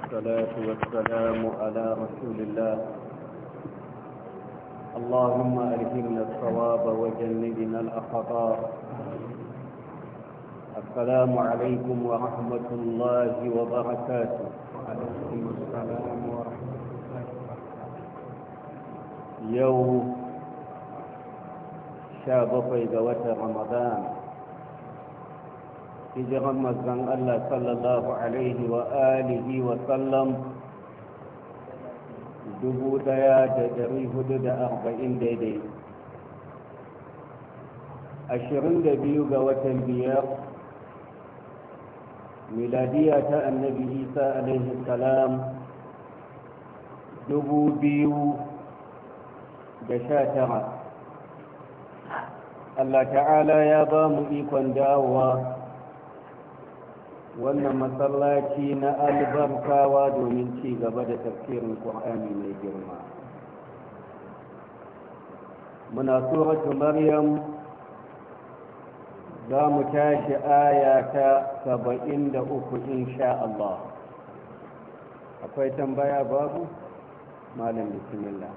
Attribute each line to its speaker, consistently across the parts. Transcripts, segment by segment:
Speaker 1: والصلاة والسلام على رسول الله اللهم ألهمنا الصواب وجنبنا الأخطاء السلام عليكم ورحمة الله وبركاته عليكم السلام ورحمة
Speaker 2: الله وبركاته
Speaker 1: يوم شاب إذا رمضان hijiran mazan Allah sallallahu alaihi wa alihi wa sallam dubu daya da dari hudu da arba'in daidai ashirin da biyu ga watan biyar miladiya ta annabi isa alaihi salam dubu biyu da sha tara Allah ta'ala ya ba mu ikon dawowa wannan masallaci na albarkawa domin ci gaba da tafsirin ƙwa'ani mai girma muna suratu maryam za mu tashi aya saba'in da uku insha Allah akwai tambaya babu malam bismillah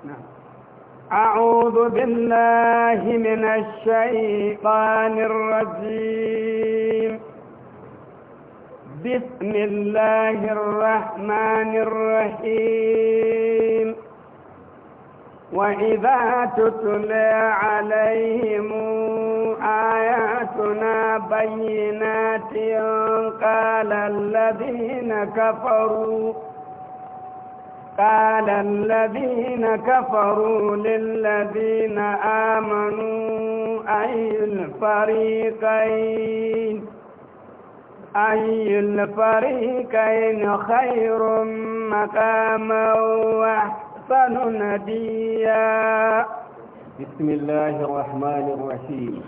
Speaker 3: أعوذ بالله من الشيطان الرجيم بسم الله الرحمن الرحيم وإذا تتلى عليهم آياتنا بينات قال الذين كفروا قال الذين كفروا للذين آمنوا أي الفريقين أي الفريقين خير مقاما وأحسن نديا
Speaker 1: بسم الله الرحمن الرحيم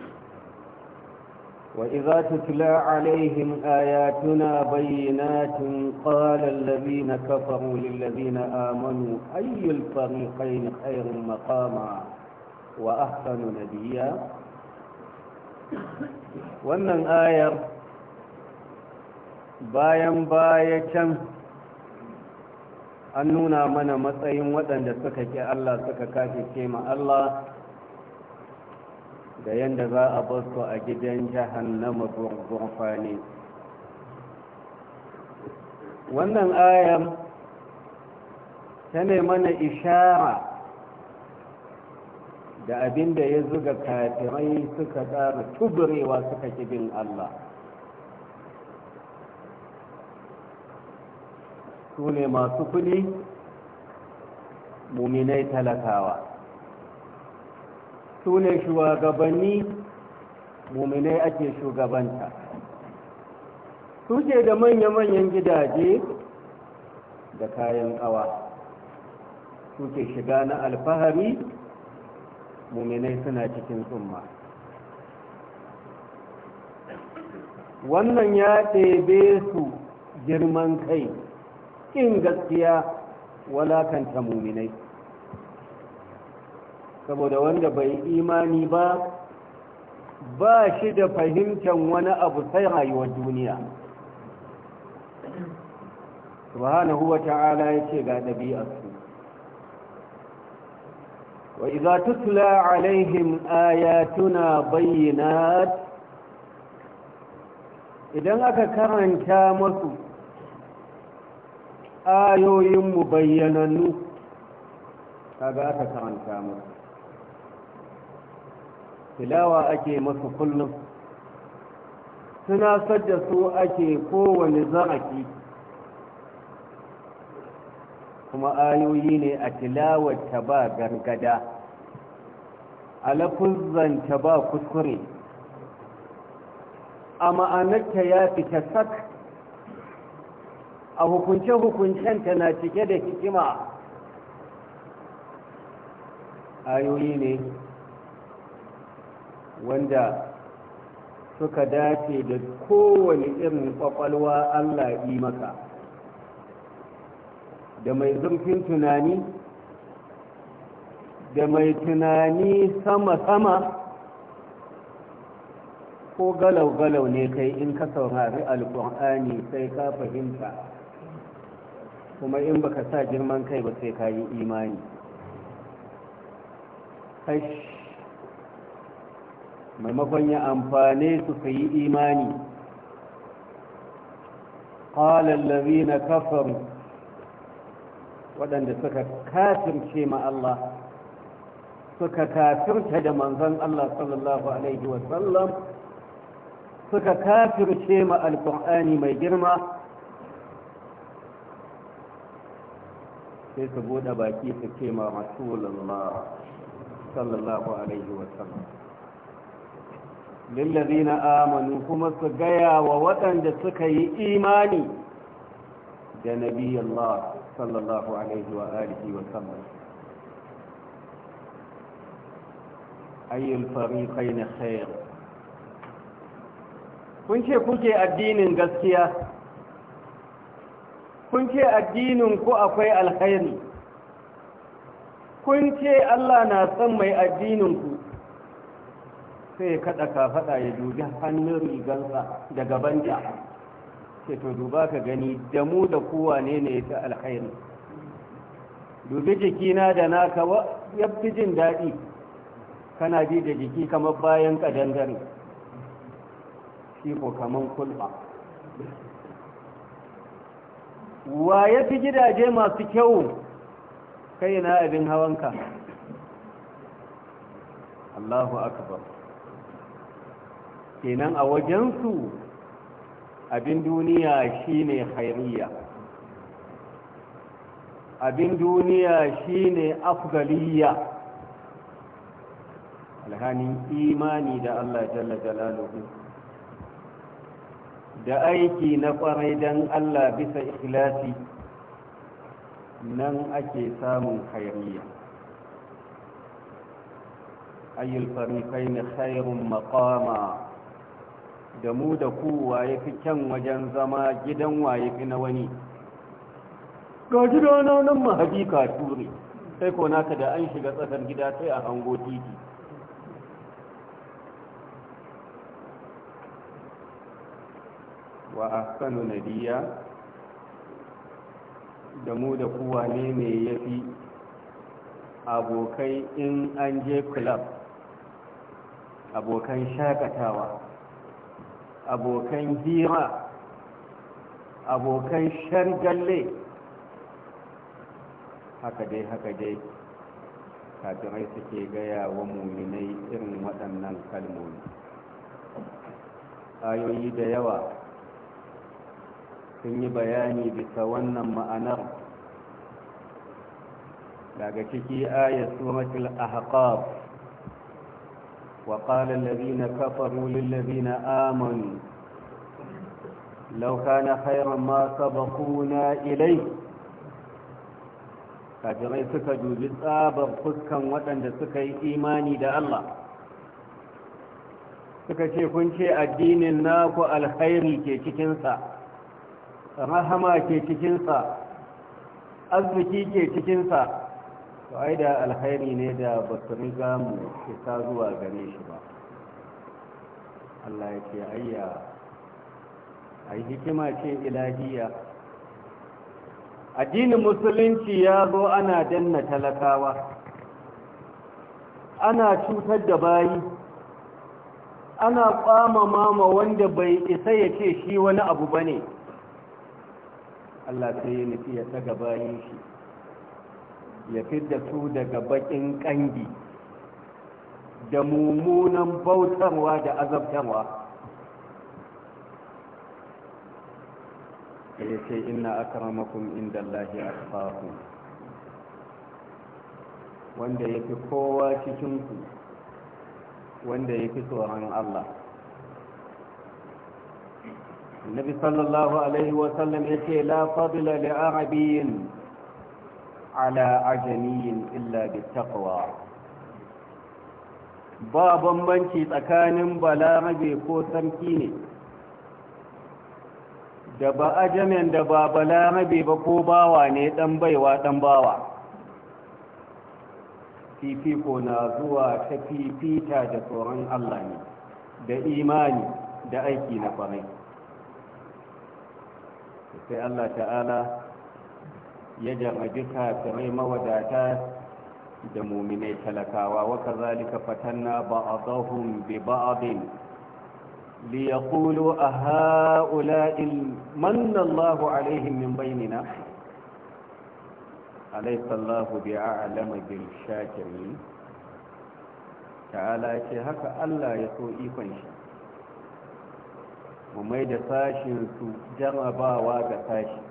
Speaker 1: وإذا تتلى عليهم آياتنا بينات قال الذين كفروا للذين آمنوا أي الفريقين خير مقاما وأحسن نديا ومن آيَةٍ bayan baya can an nuna mana matsayin waɗanda suka ke Allah suka kafice ma Allah da yadda za a basu a gidan jahannama gurfani wannan ayan ta ne mana ishara da abin da ya zuga kafirai suka tsara tuburewa suka kibin Allah su ne masu kuɗi muminai talakawa su ne shugabanni muminai ake shugabanta su ce da manya-manyan gidaje da kayan kawa su ke shiga na alfahari muminai suna cikin tsumma wannan ya ɗebe su girman kai Yin gaskiya ta muminai saboda wanda bai imani ba ba shi da fahimtar wani abu sai rayuwar duniya subhanahu wa ta'ala ya ce ga ɗabi'arsu wa iza tutla alaihim ayatuna bayyinat idan aka karanta masu ayoyinmu bayyanannu kaga aka karanta musu tilawa ake masu kullum Suna da su ake kowane za'aki kuma ayoyi ne a ta ba gargada a lafuzzanta ba kuskure a ma'anarta ya fita sak a hukunce hukuncen ta na cike da hikima ayoyi ne wanda suka dace da kowane irin kwakwalwa Allah yi maka da mai zurfin tunani da mai tunani sama-sama ko galau-galau ne kai in ka saurari alkur'ani sai ka fahimta kuma in baka sa girman kai ba sai ka yi imani kash maimakon ya amfane su ka yi imani ƙalallabi na kafar waɗanda suka kafirce ma Allah suka kafirta da manzan Allah sallallahu Alaihi wasallam suka kafirce ma alƙur'ani mai girma sai su bude baki su ce ma rasulullah sallallahu alaihi wa wasallam lillazina amanu kuma su gaya wa waɗanda suka yi imani da nabi Allah sallallahu alaihi wa alihi wa sallam ayyul fariqayn khair kun ce kuke addinin gaskiya kun ce addinin ku akwai alkhairi kun ce Allah na son mai addinin ku sai ya kada kafaɗa ya dubi hannun rigarsa da gabanta ce to duba ka gani da mu da kowa ne ne ta alkhairi dubi jikina da naka ya fi jin daɗi kana ji da jiki kamar bayan ƙadandare shi ko kamar kulba wa ya fi gidaje masu kyau kai na abin hawanka Allahu akbar kenan a wajensu abin duniya shine hairiya abin duniya shine Afgaliya. alhanin imani da Allah jalla jalaluhu da aiki na kwarai don Allah bisa ikhlasi nan ake samun khairiyya ayyul na khairun makama da mu da ku waye fi kyan wajen zama gidan waye fi na wani
Speaker 3: ga na nan
Speaker 1: mahabi ka ture sai ko naka da an shiga tsakar gida sai a hango titi wa ahsanu nadiya da mu da kuwa ne ne ya fi abokai in an je club abokan shakatawa abokan hira abokan shargalle haka dai haka dai kafirai suke gaya wa muminai irin waɗannan kalmomi ayoyi da yawa sun yi bayani bisa wannan ma'anar daga ciki ayat suratul ahqaf wa qala alladhina kafaru lil ladina amanu law kana khayran ma sabaquna ilayhi Kajirai suka dubi tsabar fuskan waɗanda suka yi imani da Allah suka ce kun ce addinin naku alkhairi ke cikinsa rahama ke cikinsa arziki ke cikinsa to ai da alkhairi ne da ba su riga mu isa zuwa gare shi ba Allah ya ce ayya ai hikima ce ilahiya addinin musulunci ya zo ana danna talakawa ana cutar da bayi ana kwamama mama wanda bai isa ya ce shi wani abu bane ne Allah sai ya nufi ya daga bayan shi ya fidda su daga bakin kangi da mummunan bautarwa da azabtarwa ya ce ina aka akramakum inda ya asfaku wanda ya fi kowa cikinku wanda ya fi tsoron Allah النبي صلى الله عليه وسلم يقول لا فضل لعربي على أجمي إلا بالتقوى ba bambanci tsakanin balarabe ko sarki ne da ba da ba balarabe ba ko bawa ne ɗan baiwa ɗan bawa fifiko na zuwa ta fifita da tsoron allah ne da imani da aiki na kwarai sai Allah ta'ala ya jarrabi kafirai mawadata da muminai talakawa wa kazalika fatanna ba'dahum bi ba'din li yaqulu a ha'ula'i manna Allahu alaihim min bainina alaysa Allahu bi'a'lama bil shakirin ta'ala ce haka Allah ya so ikon shi mu mai da sashinsu jarabawa ga sashi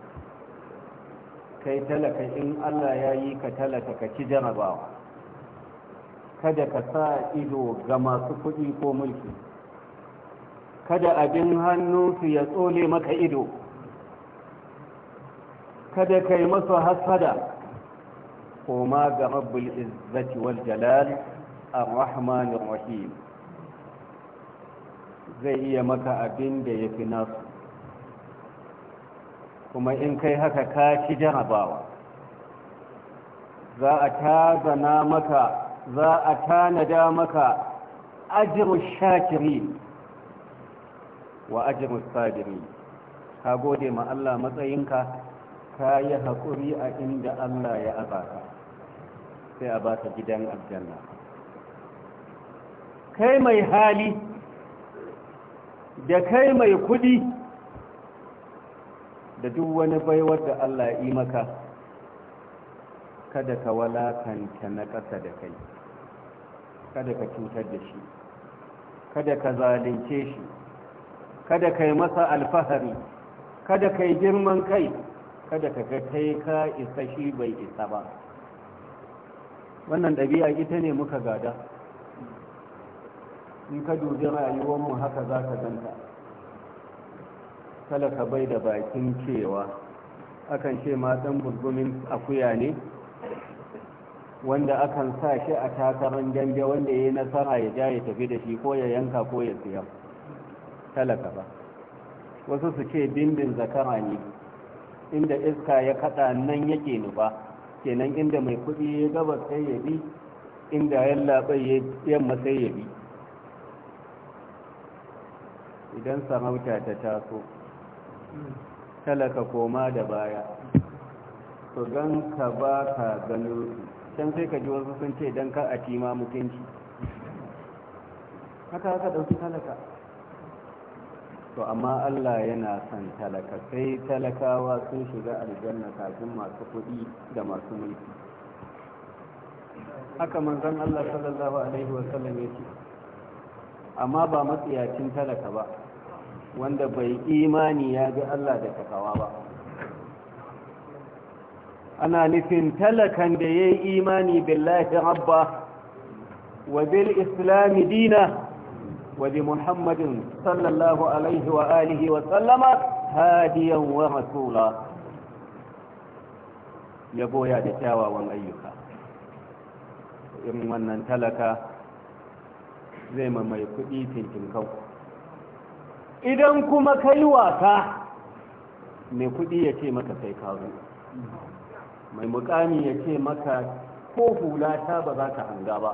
Speaker 1: kai talaka in allah ya yi ka talaka ka ci jarabawa kada ka sa ido ga masu kuɗi ko mulki kada abin hannu su ya tsole maka ido kada ka yi masa hasada koma ga rabbul izzati wal jalal ar-rahmanir rahim zai iya maka abin da ya fi nasu kuma in kai haka ka ci jarabawa za a tazana maka za a tanada maka ajiru shakiri wa ajiru sadiri ka gode ma Allah matsayinka ka yi haƙuri a inda Allah ya azaka sai a baka gidan aljanna kai mai hali da kai mai kudi da duk wani baiwar da Allah ya yi maka kada ka walakanta na ƙasa da kai kada ka cutar da shi kada ka zalunce shi kada ka masa alfahari kada ka girman kai kada ka ga kai ka isa shi bai isa ba wannan ɗabi'a ita ne muka gada in ka dubi mu haka za ka ganta talaka bai da bakin cewa akan ce ma burgumin akuya ne wanda akan sa shi a takarar dambe wanda ya yi nasara ya ja ya tafi da shi ko ya yanka ko ya siya talaka ba wasu su ce dindin zakara ne inda iska ya kada nan yake nufa kenan inda mai kuɗi ya gaba sai ya bi inda yallaɓai yamma sai ya bi idan sarauta ta taso talaka koma da baya to gan ka ba ka gano can sai ka ji wasu sun ce don ka a tima mutunci haka haka ɗauki talaka to amma Allah yana son talaka sai talakawa sun shiga aljanna kafin masu kuɗi da masu mulki haka manzon Allah sallallahu alaihi wasallam ya ce amma ba matsiyacin talaka ba wanda bai imani ya ga Allah da takawa ba ana nufin talakan da ya yi imani billahi rabba wa bil islami dina wa bi muhammadin sallallahu alaihi wa alihi wa sallama hadiyan wa rasula ya goya da kyawawan ayyuka in wannan talaka zai mai kuɗi tinkin kanku idan kuma kai wasa mai kudi ya ce maka sai kawo mai mukami ya ce maka ko hula ta ba za ka hanga ba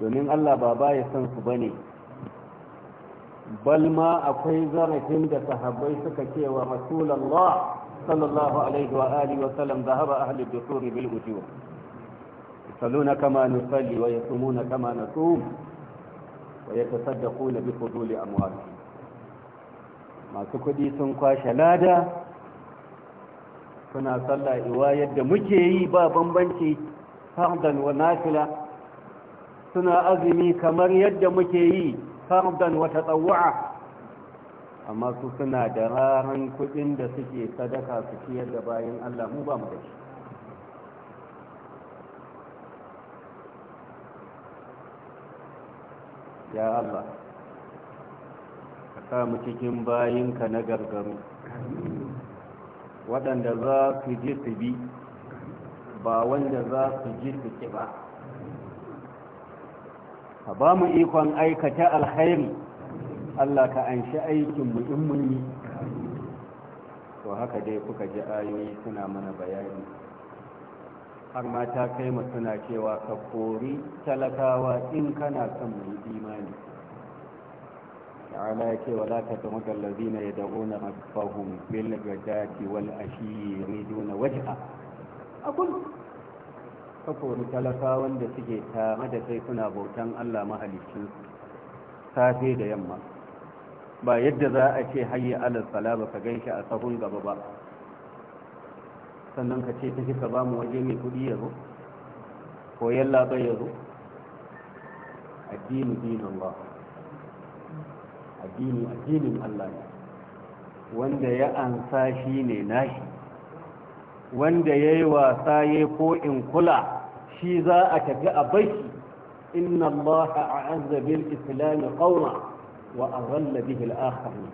Speaker 1: domin allah ba ba ya san su ba ne balma akwai zarafin da sahabbai suka ce wa rasulallah sallallahu alaihi wa alihi wa sallam zahaba ahli dusuri bil ujur kama nusalli wa yasumuna kama nasum wa ya na bi fuduli amwalihim masu kudi sun kwashe lada suna sallah iwa yadda muke yi ba bambanci fardan wa nafila suna azumi kamar yadda muke yi fardan wata tatawwa amma su suna da raran kudin da suke sadaka su ciyar da bayan Allah mu ba mu da shi ya Allah ka sa mu cikin bayinka na gargaru waɗanda za su ji su bi ba wanda za su ji su ki ba ka ba mu ikon aikata alhairi Allah ka anshi aikinmu in mun yi to haka dai kuka ji ayoyi suna mana bayani har ma ta kai ma suna cewa ka kori talakawa in kana son mai imani ta'ala ya ce zaka ta tuma kallazina ya na rabbahum bil gajati wal ashi yuriduna wajha akul ka kori talakawan da suke ta da sai suna bautan Allah mahalicin safe da yamma ba yadda za a ce hayya ala sala ba ka ganshi a sahun gaba ba sannan ka ce ta shi ka ba mu waje mai kudi ya zo ko yalla bai ya zo addini dinin ba addini addinin Allah ne wanda ya ansa shi ne nashi wanda ya yi wasa ya ko in kula shi za a tafi a bashi inna Allah a azabin islami qawma wa azalla bihi al-akhirin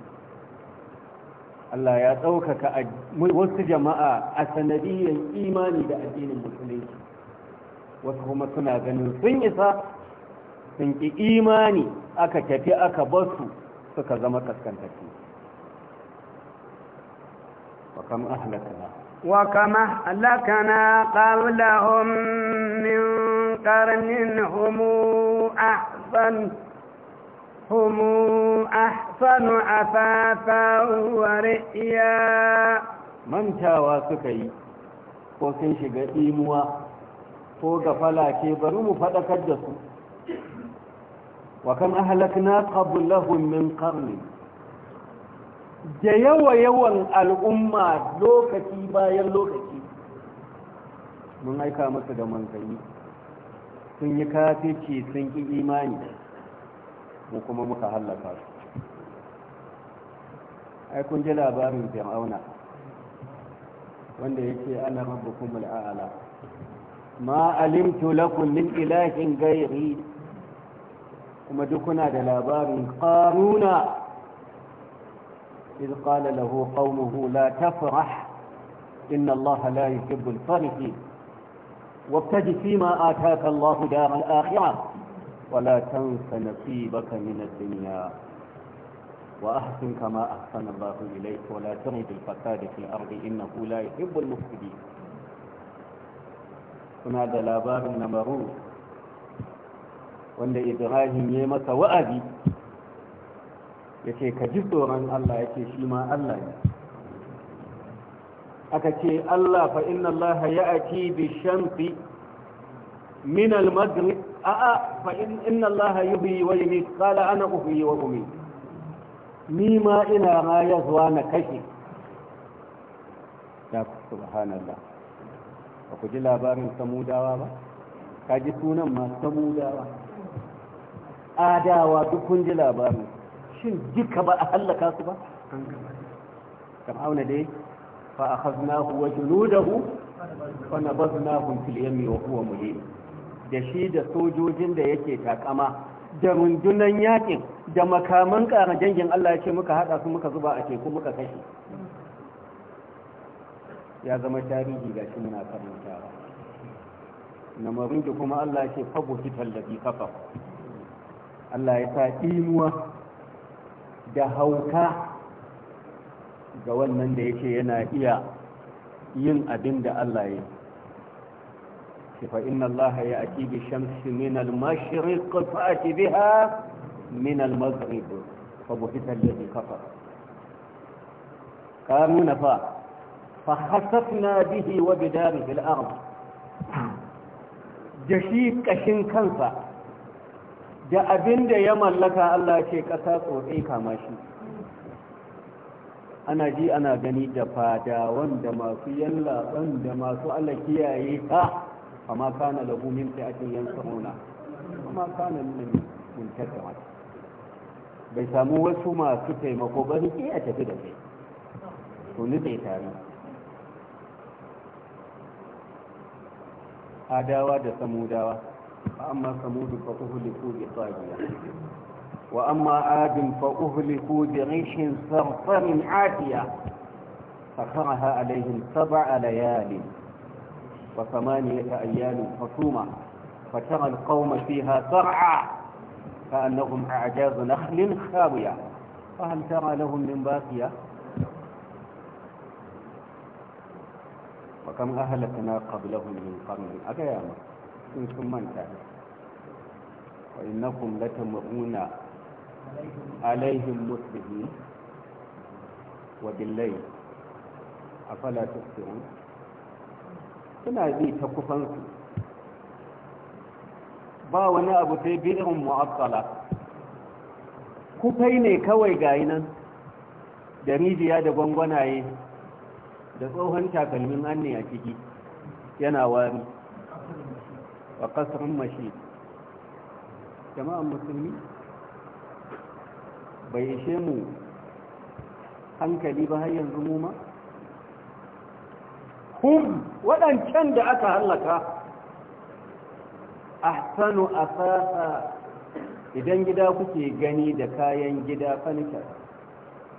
Speaker 1: Allah ya ɗaukaka wasu jama'a a sanadiyyar imani da addinin musulunci wasu kuma suna ganin sun isa sun ƙi imani aka tafi aka basu suka zama kaskantattu wa kam ahlakana
Speaker 3: wa kam ahlakana qablahum min qarnin هم أحسن أثاثا ورئيا mantawa suka yi ko sun shiga imuwa
Speaker 1: ko gafala ke bari mu faɗakar da su wa kan ahalakna qablahum min qarni da yawa yawan al'umma lokaci bayan lokaci mun aika masa da manzanni sun yi kafirci sun ki imani ko kuma muka hallaka su ai kun ji labarin fir'auna wanda yake ana rabbukum al'ala ma alimtu lakum min ilahin ghairi kuma duk kuna da labarin qaruna إذ قال له قومه لا تفرح إن الله لا يحب الفرحين وابتج فيما آتاك الله دار الآخرة wala tansa nasibaka min ad-dunya wa ahsin kama ahsana Allahu ilayk wa la tabghi al-fasada fil ardi innahu la yuhibbu al-mufsidin kuna da labarin na wanda Ibrahim ya masa wa'adi yace ka ji tsoron Allah yace shi ma Allah ne aka ce Allah fa inna Allah ya'ti bi shamsi min a'a fa in inna Allah yuhyi wa yumiit qala ana uhyi wa umiit ni ma ina zuwa na kashe ya subhanallah ba ku ji labarin samudawa ba ka ji sunan ma samudawa adawa duk kun ji labarin shin duka ba a hallaka su ba fir'auna dai fa akhadnahu wa junudahu fa nabadnahu fil yammi wa huwa mulim da shi da sojojin da yake takama da rundunan yakin da makaman ƙara jangin Allah ya ce muka haɗa su muka zuba a teku muka kashe ya zama tarihi ga shi muna karantawa na marinki kuma Allah ya ce fago shi tallafi kafa Allah ya sa inuwa da hauka ga wannan da yake yana iya yin abin da Allah ya yi فإن الله يأتي بالشمس من المشرق فأت بها من المغرب فبهت الذي كفر قارون فا فخسفنا به وبداره الأرض جشيب كشن كنفا da abin da ya mallaka Allah ce ƙasa tsotsai kama ana ji ana gani da fadawan da masu yallaɓan da masu Allah kiyaye ta فما كان له من فئة ينصرونه وما كان من منتصرا bai samu wasu masu taimako ba ne a tafi da kai to nutse tare adawa da samudawa fa amma samudu fa uhliku bi tsagiya wa amma adin fa uhliku bi rishin sarsarin atiya fa karaha alaihim sab'a layalin وثمانية أيام خصومة فترى القوم فيها سرعا كأنهم أعجاز نخل خاوية فهل ترى لهم من باقية وكم أهلكنا قبلهم من قرن أقيامة إن ثم انتهى وإنكم لتمرون عليهم مسلمين وبالليل أفلا تبصرون suna bi ta kufansu ba wani abu sai bid'un mu'attala kufai ne kawai gayi nan da rijiya da gwangwanaye da tsohon takalmin anne a ciki yana wari a kasarun mashi jama'an musulmi bai ishe mu hankali ba har yanzu mu ma hum waɗancan da aka hallaka ahsanu asasa idan gida kuke gani da kayan gida fanitar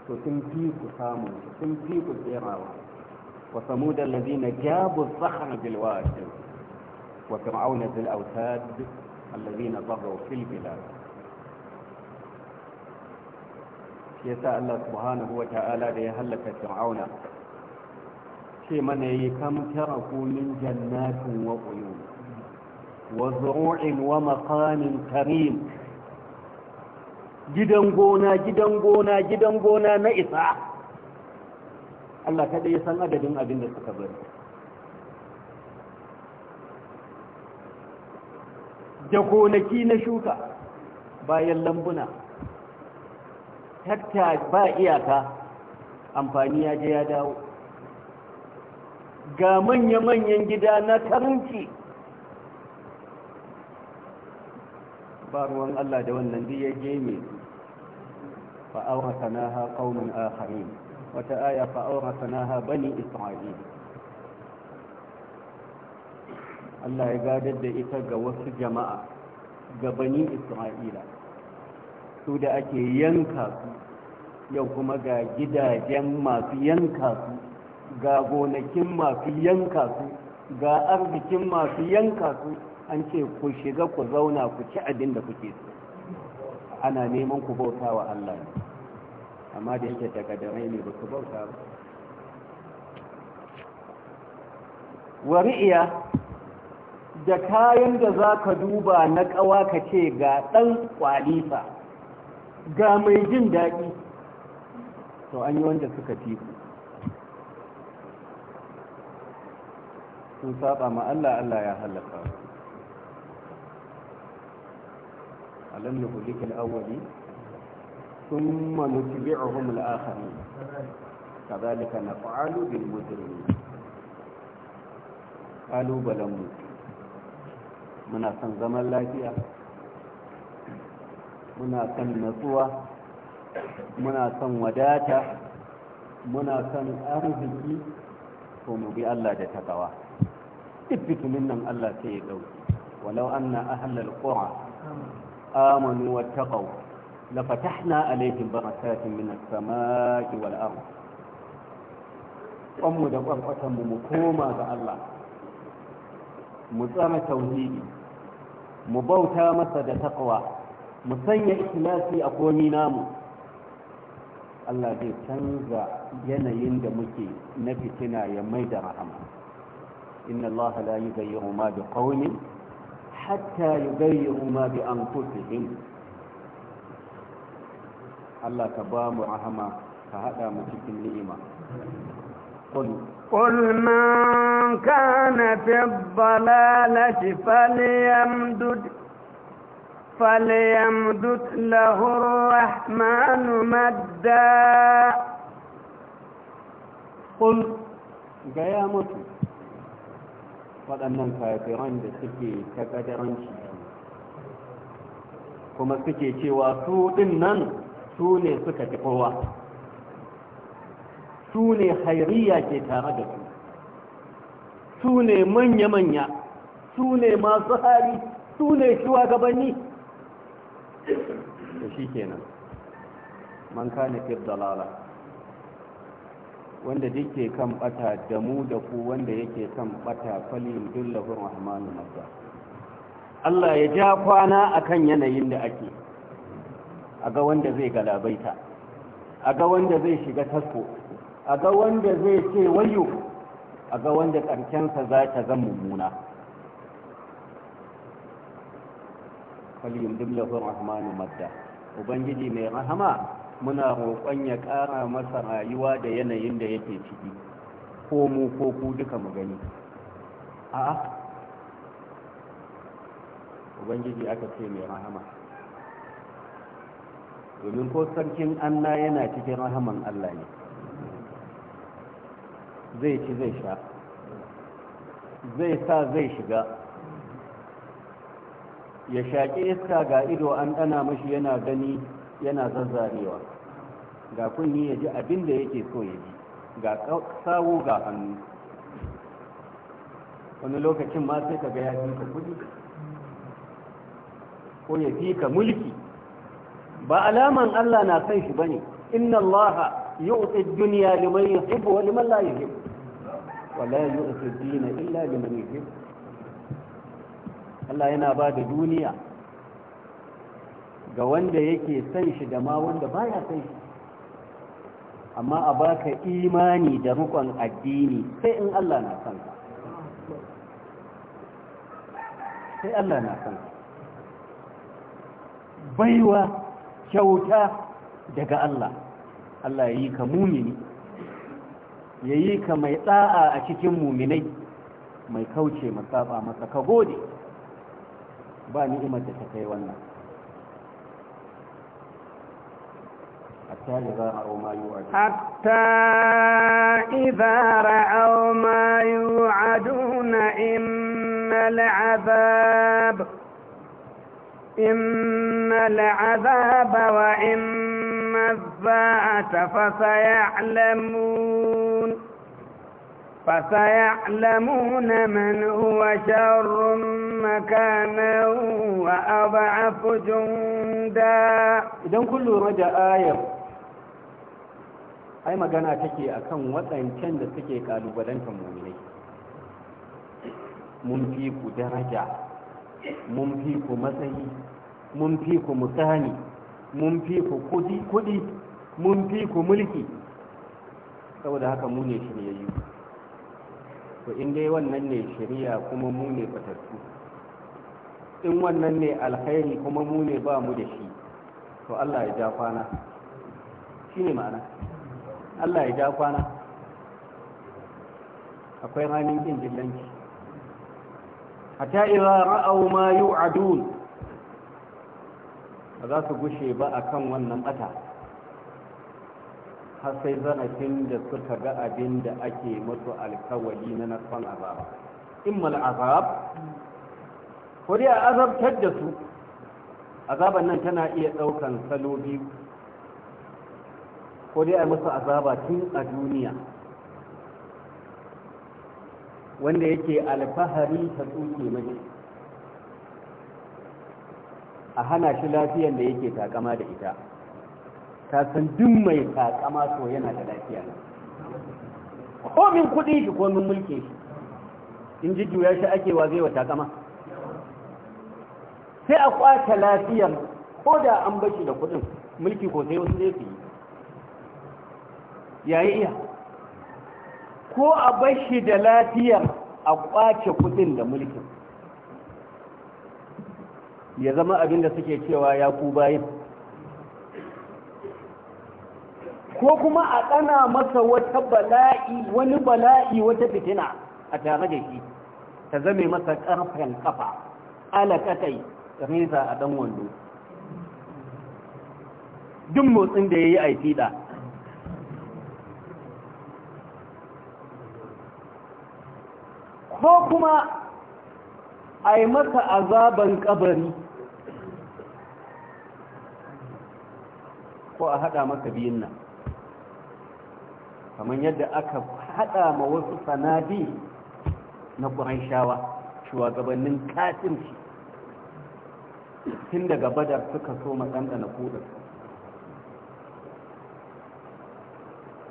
Speaker 1: to sun fi ku samu sun fi ku tserawa wa samuda allazina jabu zakhar bil wadi wa fir'auna bil awtad allazina baghaw fil bilad shi yasa Allah subhanahu wa ta'ala da ya halaka fir'auna ce mana yi kam tara kunin jannatin wa uyun wa zuru'in wa maqamin karim gidan gona gidan gona gidan gona na isa Allah ta ɗaya san adadin abin da suka bari da gonaki na shuka bayan lambuna tatta ba iyaka amfani ya je ya dawo ga manya-manyan gida na karanci ba ruwan Allah da wannan ya geme fa'aurata na ha ƙaunin ahari wata aya fa'aurata na ha bani isra'il Allah ya gadar da ita ga wasu jama'a ga bani isra'ila su da ake yanka su yau kuma ga gidajen masu yanka su ga gonakin masu yanka su ga arzikin masu yanka su an ce ku shiga ku zauna ku ci abin da kuke so ana neman ku bauta wa Allah ne amma da yake daga rai ne ba ku bauta ba wari'iya da kayan da za ka duba na ƙawa ka ce ga ɗan kwalifa, ga mai jin daɗi to an yi wanda suka fi ku sun saba ma Allah Allah ya halaka alam yuhlik al-awwali thumma nutbi'uhum al-akhirin kadhalika naf'alu bil mujrimin qalu balam muna san zaman lafiya muna san natsuwa muna san wadata muna san arziki ko mu bi Allah da takawa duk fitinin nan Allah ta ya dauki walau anna ahlal qura amanu wattaqaw lafatahna alaihim barakatin sama ki wal ardh kwanmu da kwankwatan mu koma ga Allah mu tsara tauhidi mu bauta masa da taqwa mu sanya ikhlasi a komi namu Allah zai canza yanayin da muke na fitina ya mai da rahama إن الله لا يغير ما بقوم حتى يغير ما بأنفسهم الله تبام رحمة فهذا مجد النئمة
Speaker 2: قل
Speaker 3: قل من كان في الضلالة فليمدد فليمدد له الرحمن مدا قل قيامته
Speaker 1: waɗannan kafiran da suke ta ƙadaranci kuma suke cewa su ɗin nan su ne suka fi kowa su ne hairiya ke tare da su su ne manya-manya su ne masu hari su ne shugabanni da shi kenan man kane fi dalala wanda yake kan bata da mu da ku wanda yake kan bata falin dullahu rahmanu masa Allah ya ja kwana akan yanayin da ake a ga wanda zai galabaita a ga wanda zai shiga tasko a ga wanda zai ce wayo a ga wanda sa za ta zan mummuna falin dullahu rahmanu masa ubangiji mai rahama muna roƙon ya ƙara masa rayuwa da yanayin da yake ciki ko mu ko ku duka mu gani a'a ubangiji aka ce mai rahama domin ko sarkin anna yana cikin rahaman allah ne zai ci zai sha zai sa zai shiga ya shaƙi iska ga ido an ɗana mashi yana gani yana zazzarewa ga kunyi ya ji abin da yake so ya ji ga sawo ga hannu wani lokacin ma sai ka ga ya fi ka kudi ko ya fi ka mulki ba alaman Allah na san shi bane inna Allah yu'ti ad-dunya liman yuhibbu wa liman la yuhibbu wa la yu'ti ad-dina illa liman yuhibbu Allah yana ba da duniya ga wanda yake san shi da ma wanda baya san shi amma a baka imani da rukun addini sai in Allah na san sai Allah na san baiwa kyauta daga Allah Allah ya yi ka mumini ya yi ka mai tsa'a a cikin muminai mai kauce masaba masa ka gode ba ni'imar da ta kai wannan
Speaker 3: حتى إذا رأوا ما يوعدون حتى إذا رأوا ما يوعدون إما العذاب إما العذاب وإما الزاعة فسيعلمون فسيعلمون من هو شر مكانا وأضعف جندا إذا كل رجاء آية ai magana take akan waɗancan
Speaker 1: da suke kalubalantar muminai mun fi ku daraja mun fi ku matsayi mun fi ku mutane, mun fi ku kudi kudi mun fi ku mulki saboda haka mu ne shiryayyu to in dai wannan ne shari'a kuma mu ne fatattu in wannan ne alkhairi kuma mu ne ba mu da shi to Allah ya ja kwana shine ma'ana Allah ya ja kwana akwai ranar kin jillanki hatta idza ra'aw ma yu'adun ba za su gushe ba akan wannan bata har sai zanafin da suka ga abin da ake musu alkawali na nasan azaba immal azab ko dai a azabtar da su azaban nan tana iya ɗaukan salo biyu ko dai a masa azaba tun a duniya wanda yake alfahari ta tsuke mai a hana shi lafiyan da yake takama da ita ta san duk mai takama to yana da lafiya komin kudi shi komin mulke shi in ji juya shi ake wa zai wa takama sai a kwace lafiyan ko da an bashi da kudin mulki ko sai wasu zai fi yi yayi iya ko a bashi da lafiyar a kwace kudin da mulkin ya zama abin da suke cewa ya ku bayin ko kuma a tsana masa wata bala'i wani bala'i wata fitina a tare da shi ta zame masa ƙarfen kafa alaƙaƙai reza a ɗan wando duk motsin da ya yi aifiɗa ko kuma a yi masa azaban kabari ko a haɗa maka biyun nan kamar yadda aka haɗa ma wasu sanadi na ƙuran shawa shugabannin katin shi tun daga badar suka so matsanda na kudin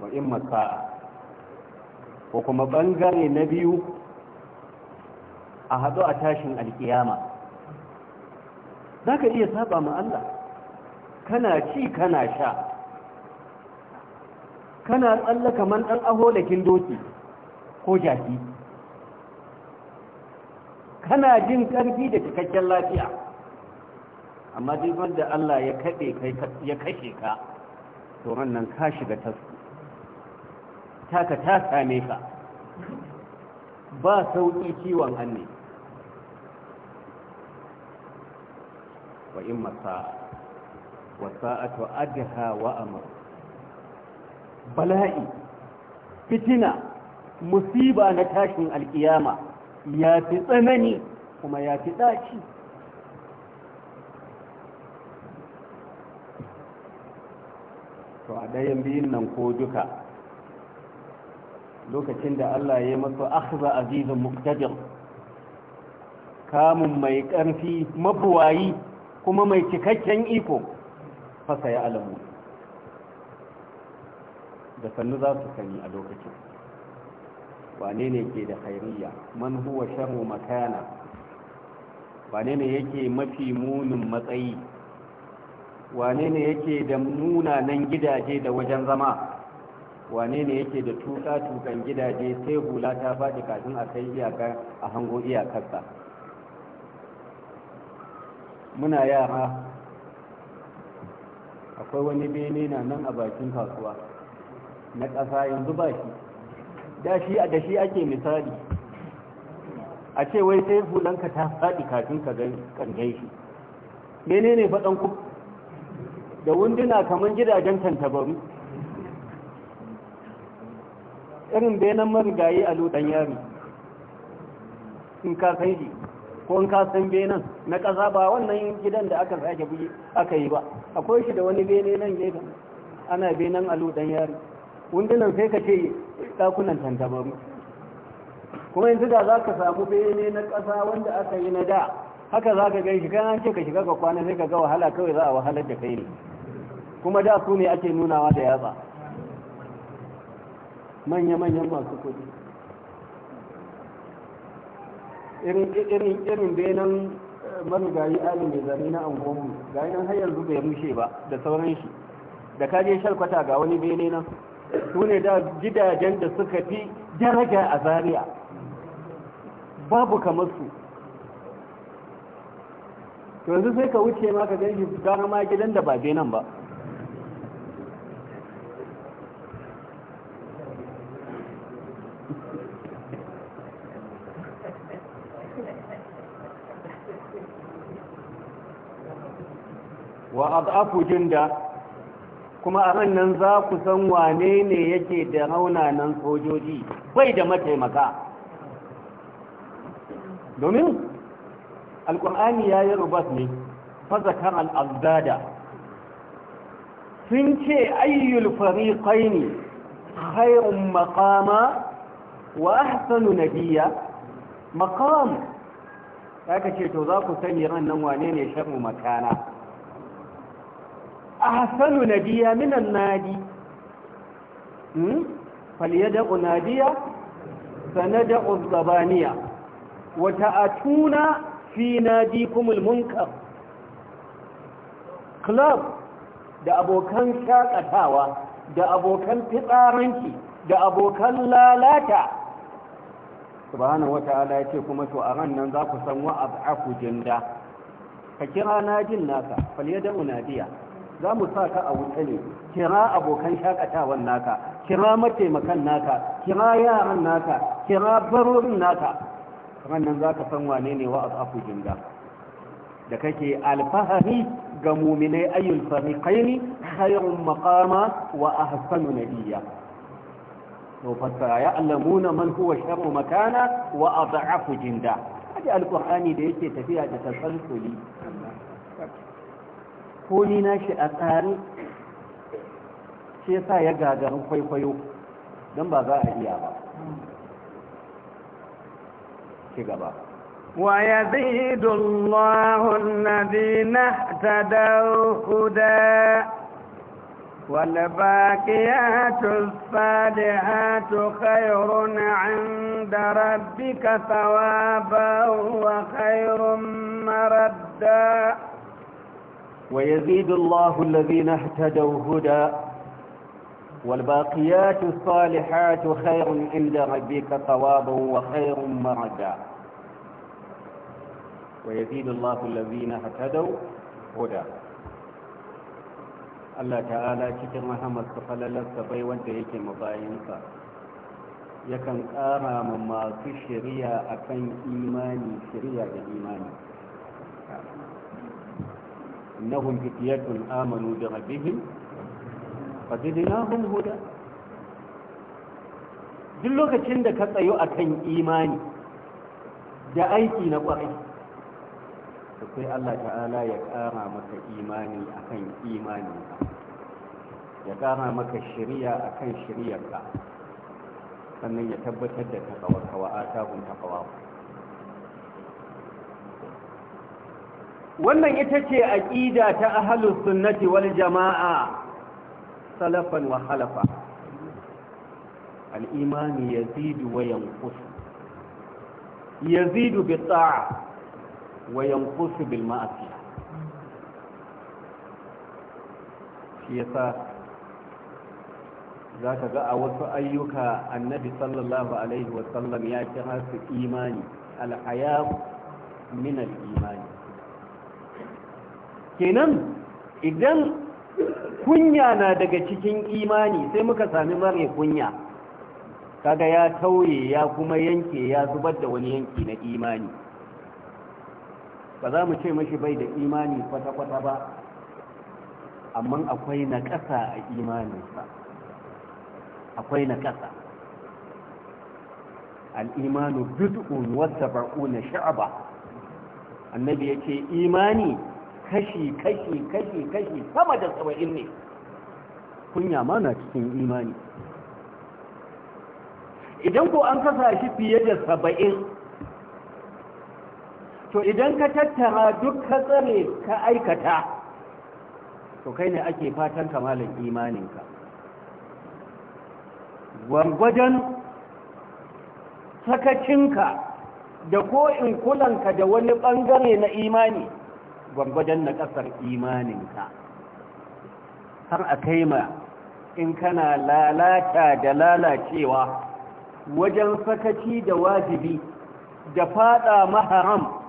Speaker 1: wa'in masa'a ko kuma ɓangare na biyu a haɗu a tashin alkiyama za ka iya saba ma Allah kana ci kana sha kana tsallaka man ɗan aho da doki ko jaki kana jin ƙarfi da cikakken lafiya amma duk wanda Allah ya kaɗe ya kashe ka to nan ka shiga tasku taka ta same ka ba sauƙi ciwon hannu wa in masa wa sa'atu adha wa amr bala'i fitina musiba na tashin alƙiyama ya fi tsanani kuma ya fi daci to a ɗayan biyun nan ko duka lokacin da Allah ya masu akhza azizun muktadir kamun mai ƙarfi mabuwayi kuma mai cikakken iko fasa ya alamu da sannu za su sani a lokacin wane ne ke da hairiya? man huwa sharu makana wane ne yake mafi munin matsayi wane ne yake da munanan gidaje da wajen zama wane ne yake da tuka-tukan gidaje sai hula ta faɗi kafin a kai iyaka a hango iyakarsa muna yara akwai wani bene na nan a bakin kasuwa na ƙasa yanzu ba shi da shi da shi ake misali a ce wai sai hulanka ta faɗi kafin ka gangan shi mene ne faɗan ku da wunduna kamar gidajen tantabaru irin benen marigayi a lutan yari in ka san shi ko in ka san benin na ƙasa ba wannan gidan da aka sake buge aka yi ba akwai shi da wani bene nan ka? ana benen alu dan yari wundunan sai ka ce ɗakunan tantabaru kuma yanzu da za ka samu bene na ƙasa wanda aka yi na da haka za ka shi. kan an ce ka shiga ga kwana sai ka ga wahala kawai za a wahalar da kai ne kuma da su ne ake nunawa da yatsa manya-manyan masu kudi irin benin eh, marigayi ali zane na angonmu ga nan har yanzu bai rushe ba da sauran shi da kaje shalkwata ga wani bene nan su ne da gidajen da suka fi daraja a zariya babu kamar su yanzu sai ka wuce ma ka gan shi gara ma gidan da ba benin ba wa adafu jinda kuma a nan za ku san wane ne yake da raunanan sojoji bai da mataimaka domin alkur'ani ya yi rubat ne fazakar al'azdada sun ce ayyul fariƙai ne khairun makama wa ahsanu nabiya makam aka ce to za ku sani ran nan wane ne sharru makana ahsanu nadiya minan nadi hmm falyad'u nadiya sanad'u zabaniya wa ta'atuna fi nadikum almunkar club da abokan shakatawa da abokan fitsaranki da abokan lalata subhanahu wata'ala yace kuma to a ran nan za ku san wa ab'aku jinda ka kira najin naka falyad'u nadiya za mu sa ka a wuta ne kira abokan shakatawan naka kira mataimakan naka kira yaran naka kira barorin naka nan za ka san wane ne wa asafu jinda da kake alfahari ga muminai ayyul fariqaini khayrun maqama wa ahsanu nabiyya to fa ya'lamuna man huwa sharru makana wa adhafu jinda hadi alqur'ani da yake tafiya da tasalsuli komi nashi a tsari shi yasa ya gagarin kwaikwayo don ba za a iya ba gaba
Speaker 3: ويزيد الله الذين اهتدوا هدى والباقيات الصالحات خير عند ربك ثوابا وخير مردا
Speaker 1: ويزيد الله الذين اهتدوا هدى والباقيات الصالحات خير عند ربك ثوابا وخير مردا ويزيد الله الذين اهتدوا هدى الله تعالى كتر محمد صلى الله عليه وسلم وانت يكن قارا مما في الشريعة أكن إيماني شريعة إيماني إنهم فتية آمنوا بربهم فزدناهم هدى duk lokacin da ka tsayo akan kan imani da aiki na ƙwarai da sai Allah ta'ala ya ƙara maka imani a kan imaninka ya ƙara maka shirya akan kan shiryarka sannan ya tabbatar da takawa kawa a tagun takawa wannan ita ce aƙida ta ahalus sunnati wal jama'a salafan wa halafa al'imani ya zidu wa yankusu ya zidu bi tsa'a wa yankusu bil ma'asiya shi yasa za ka ga a wasu ayyuka annabi sallallahu alaihi wasallam ya kira su imani alhaya min al'imani kenan idan kunya na daga cikin imani sai muka sami mare kunya kaga ya tauye ya kuma yanke ya zubar da wani yanki na imani ba za mu ce mashi bai da imani kwata-kwata ba amma akwai na ƙasa a imaninsa akwai na ƙasa al'imanu bid'un wata ba'u na sha'aba annabi ya ce imani kashi kashi kashi kashi sama da saba'in ne kunya ma na cikin imani idan ko an kasa shi fiye da saba'in to idan ka tattara duk ka tsare ka aikata to kai ne ake fatan kamalin imaninka gwargwadon sakacinka da ko in kulanka da wani bangare na imani gwargwajen na ƙasar imaninka har a kai ma in kana lalata da lalacewa wajen sakaci da wajibi da fada maharam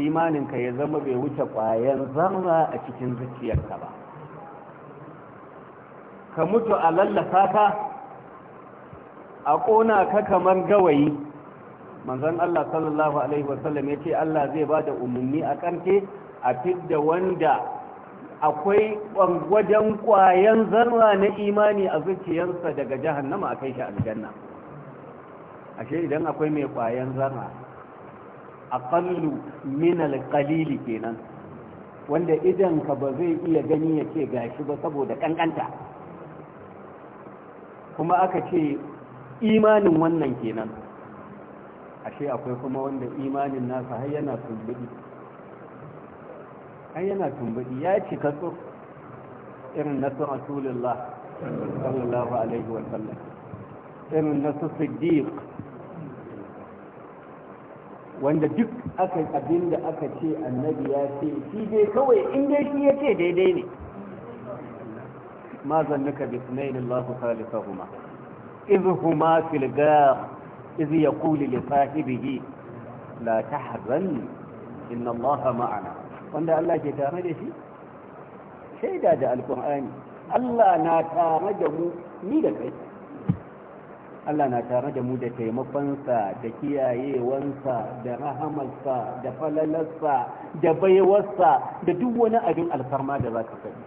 Speaker 1: imaninka ya zama bai wuce ƙwayan zarra a cikin zuciyarka ba ka mutu a lallasa ka a ƙona ka kamar gawayi manzon Allah sallallahu Alaihi wasallam ya ce Allah zai ba da umarni a ƙarfe a fidda wanda akwai ƙwangwajen kwayan zarra na imani a zuciyarsa daga jahannama a kai shi aljanna ashe idan akwai mai kwayan zarra aqallu Minal alqalili kenan wanda idan ka ba zai iya gani ya ce shi ba saboda ƙanƙanta, kuma aka ce imanin wannan kenan ashe akwai kuma wanda imanin nasa har yana sun ai yana tumbudi ya ce kaso irin na su rasulullah sallallahu alaihi wasallam irin na su siddiq wanda duk aka abin da aka ce annabi ya ce shi dai kawai in dai shi ya ce daidai ne ma zannuka bi sunayin Allah salikahuma iz huma fil gar iz yaqulu li sahibihi la tahzan inna Allah ma'ana wanda Allah ke tare da shi shaida da alkur'ani Allah na tare da mu ni da kai Allah na tare da mu da taimakonsa da kiyayewansa da rahamarsa da falalarsa da baiwarsa da duk wani abin alfarma da za ka faɗi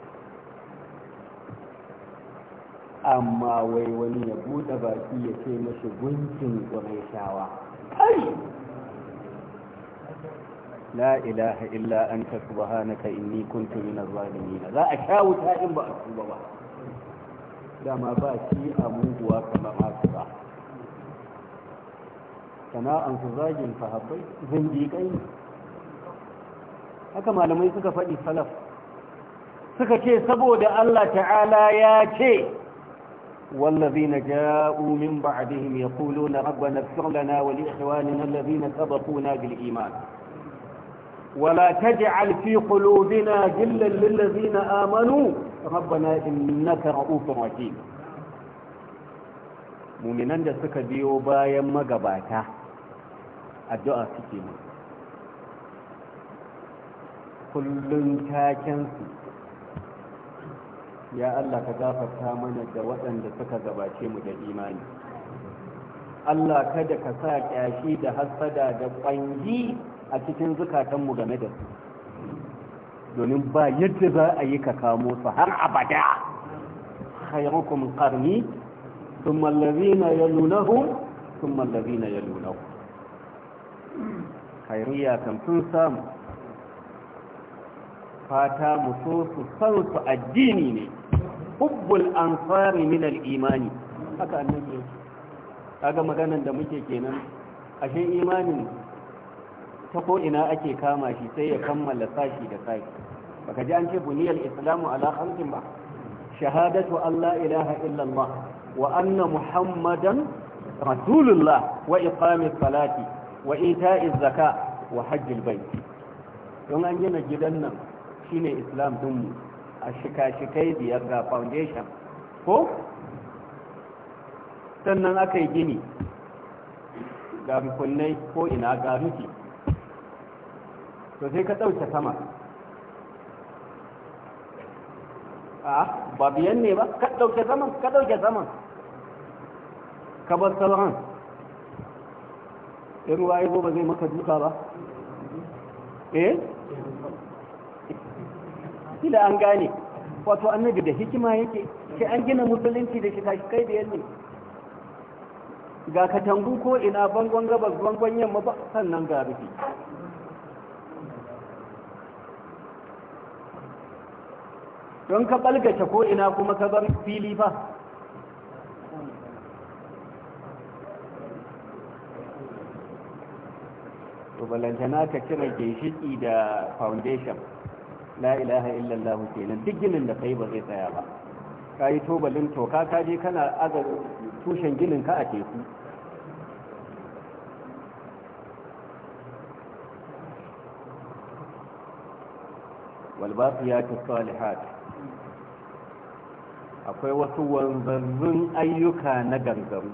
Speaker 1: amma wai wani ya buɗe baki ya ce mashi gunkin ƙwarai shawa la ilaha illa anta subhanaka inni kuntu minaz zalimin za a sha wuta in ba a tuba ba dama ba shi a muguwa kamar haka haka malamai suka faɗi salaf suka ce saboda Allah ta'ala ya ce والذين جاءوا من بعدهم يقولون ربنا اغفر لنا ولإخواننا الذين bil بالإيمان ولا تجعل في قلوبنا جلا للذين آمنوا ربنا إنك رؤوف رحيم muminan da suka biyo bayan magabata addu'a suke mu kullum su. ya Allah ka gafarta mana da waɗanda suka gabace mu da imani Allah kada ka sa ƙyashi da hasada da ƙwangi a cikin zukatanmu game da su domin ba yadda za a yi ka kamo su har abada khairukum qarni thumma allazina yalunahum thumma allazina yalunahum khairiya kan sun samu fata mu so su san su addini ne hubbul ansari min al-imani haka annabi ce kaga maganan da muke kenan ashe imanin ta ko ina ake kama shi sai ya kammala sashi da sashi baka ji an ce buniyar islamu ala hamsin ba shahadatu Allah ilaha illallah wa anna muhammadan rasulullah wa iqamis salati wa ita'iz zaka wa hajjil don an gina gidan nan shine islam mu a shika-shikai biyar ga foundation ko sannan aka yi gini ga rukunai ko ina ga rufi to sai ka ɗauke sama a ba biyan ne ba ka ɗauke zaman, ka ɗauke zaman. ka bar sauran. in ruwa ya ba zai maka duka ba eh kila an gane wato annabi da hikima yake sai an gina musulunci da shi, kai da ne. ga katangu ko ina bangon gabas bangon yamma ba sannan ga rufi don ka ɓalgace ko ina kuma ka bar fili fa to na ka cire ginshiki da foundation la ilaha illallah kenan duk ginin da kai ba zai tsaya ba ka yi tubalin toka ka je kana azar tushen ginin ka a teku والباقيات الصالحات akwai wasu wanzanzun ayyuka na gangaru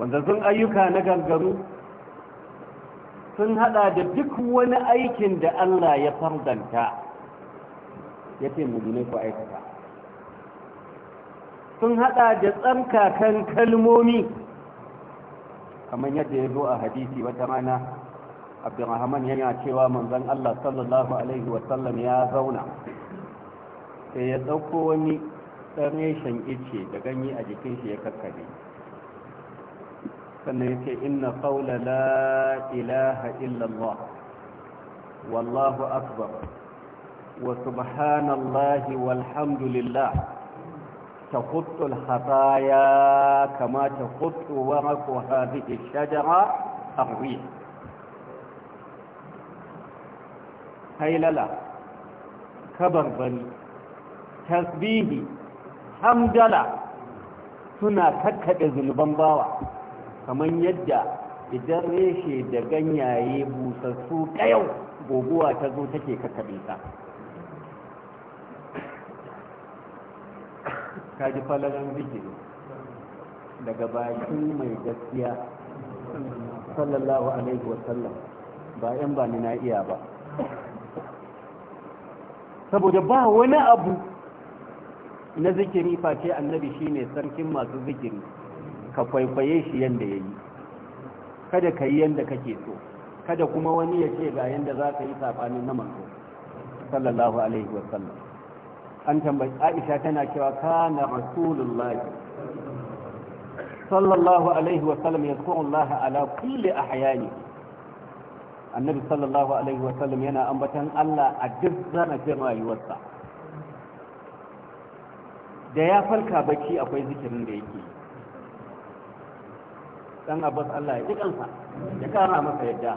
Speaker 1: wanzanzun ayyuka na gangaru sun hada da duk wani aikin da Allah ya fardanta ya ce mujinai ku aikata sun hada da tsarkakan kalmomi kamar yadda ya zo a hadisi wata mana. abdurrahman yana cewa manzan Allah sallallahu alaihi wasallam ya zauna sai ya dauko wani reshen ice da ganye a jikin shi ya kakkare sannan yake inna qawla la ilaha illa Allah wallahu akbar wa subhanallahi walhamdulillah تخط الخطايا كما تخط ورق هذه الشجرة الريح hailala kabarbari tasbihi hamdala suna kakkaɗe zunuban bawa kamar yadda idan reshe da ganyaye busassu ƙayau goguwa ta zo take kakkaɗe ta kaji falalan zikiri daga bakin mai gaskiya sallallahu alaihi wasallam ba 'yan ba ni na iya ba saboda ba wani abu na zikiri face annabi shine sarkin masu zikiri ka kwaikwaye shi yadda ya yi. kada ka yi yanda kake so kada kuma wani ya ce ga yadda za ka yi sabanin na manzo sallallahu alaihi wasallam an tambayi Aisha tana cewa kana rasulullahi sallallahu alaihi wasallam yazkuru Allah ala kulli ahyani annabi sallallahu alaihi wasallam yana ambatan Allah a duk zanafin rayuwarsa da ya farka baki akwai zikirin da yake dan abbas Allah ya kansa ya kara masa yadda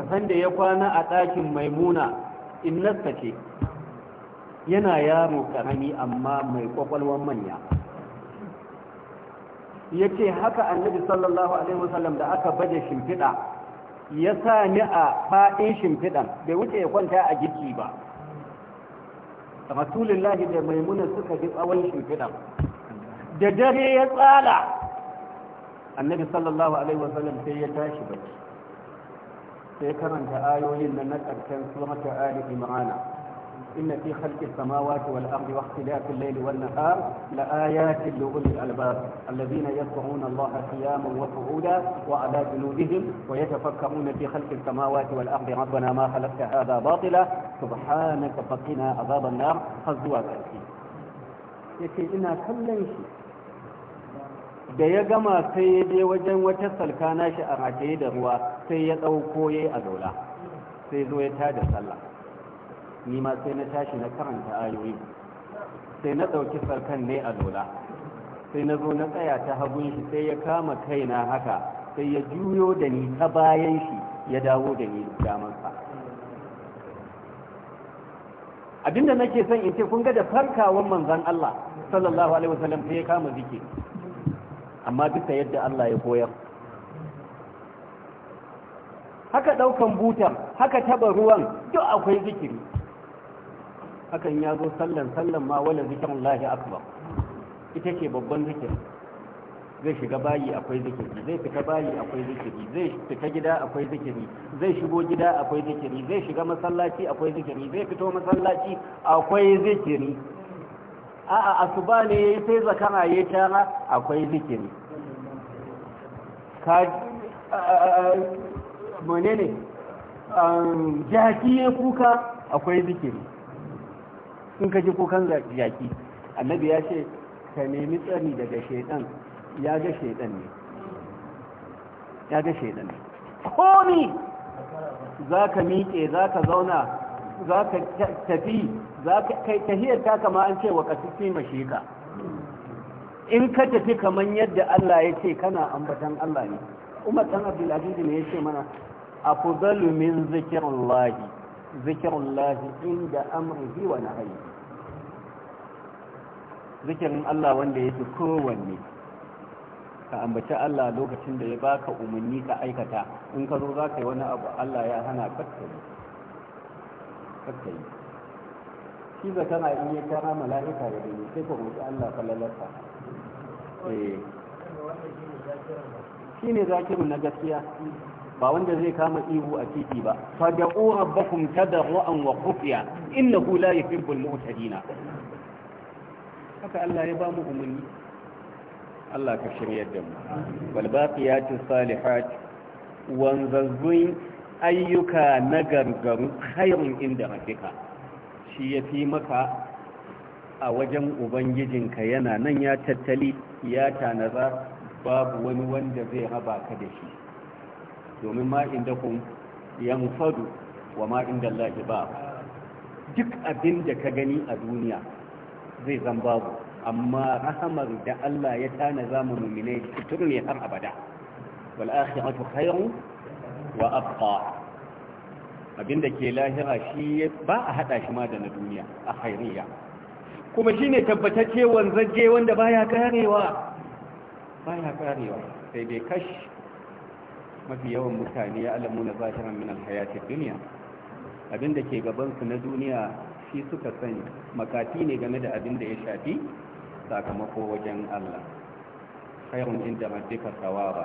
Speaker 1: rasan da ya kwana a ɗakin maimuna innasta ce yana yaro karami amma mai kwakwalwan manya ya ce haka annabi sallallahu alaihi wasallam da aka baje shimfiɗa ya sa ni a faɗin shimfiɗan bai wuce ya kwanta a jiki ba rasulullahi da maimuna suka ji tsawon shimfiɗan da dare ya tsala annabi sallallahu alaihi wasallam sai ya tashi bai. sai karanta ayoyin nan na ƙarshen ta ali imrana إن في خلق السماوات والأرض واختلاف الليل والنهار لآيات لأولي الألباب الذين يذكرون الله قياما وقعودا وعلى جنودهم ويتفكرون في خلق السماوات والأرض ربنا ما خلقت هذا باطلا سبحانك فقنا عذاب النار خذوا ذلك yake ina kallon shi da ya gama sai ya je wajen wata salka nashi a rataye da ruwa sai ya ɗauko ya yi a zaula sai zo ya tada sallah ni ma sai na tashi na karanta ayoyi sai na ɗauki sarkan ne a lola sai na zo na tsaya ta hagun shi sai ya kama kaina haka sai ya juyo da ni ta bayan shi ya dawo da ni damansa abinda nake son in ce kun ga da farkawan manzan Allah sallallahu alaihi wasallam sai ya kama zikiri amma bisa yadda Allah ya koyar haka ɗaukan butan haka taba ruwan duk akwai zikiri hakan ya zo sallan sallan ma wala zikirin lahi akbar ita ce babban zikiri zai shiga bayi akwai zikiri zai fita bayi akwai zikiri zai fita gida akwai zikiri zai shigo gida akwai zikiri zai shiga masallaci akwai zikiri zai fito masallaci akwai zikiri a'a asuba ne sai zakara ya tara akwai zikiri ka eh,
Speaker 2: eh, eh, menene
Speaker 1: jaki ya kuka akwai zikiri in ka ji kukan jaki annabi ya ce ka nemi tsari daga shaidan ya ga shaidan ne ya ga shaidan ne
Speaker 3: komi
Speaker 2: za ka miƙe
Speaker 1: za ka zauna za ka tafi za ka kai tahiyar ta kama an ce wa kasifi mashika in ka tafi kamar yadda Allah ya ce kana ambatan Allah ne Umar dan Abdul Aziz ne ya ce mana afdalu min zikrillahi zikirullahi inda amrihi wa nahyi zikirin Allah wanda yake kowanne ka ambaci Allah lokacin da ya baka umarni ka aikata in ka zo za ka yi wani abu Allah ya hana kakkayi kakkayi shi da kana in kara mala'ika da gani sai ka roƙi Allah falalarsa eh shi ne zakirun na gaskiya ba wanda zai kama ihu a titi ba fad'u rabbakum tadarruan wa khufiya innahu la yuhibbul mu'tadina haka Allah ya ba mu umarni Allah ka shiryar da mu wal baqiyatu salihat wanzazzun ayyuka na gargaru khairun inda rabbika shi yafi maka a wajen ubangijinka yana nan ya tattali ya tanaza babu wani wanda zai haba ka da shi domin ma inda kun yanfadu wa ma inda Allah ba duk abin da ka gani a duniya zai zan babu amma rahamar da Allah ya tana zamu mu'minai tutur ne har abada wal akhiratu wa abqa abinda ke lahira shi ba a hada shi ma da na duniya a khairiyya kuma shine tabbatacce wanzaje wanda baya karewa baya karewa sai dai kash mafi yawan mutane ya alamu na zahiran min alhayatin duniya abinda ke gabansu na duniya shi suka sani makati ne game da abin da ya shafi sakamako wajen Allah khairun inda rabbika sawaba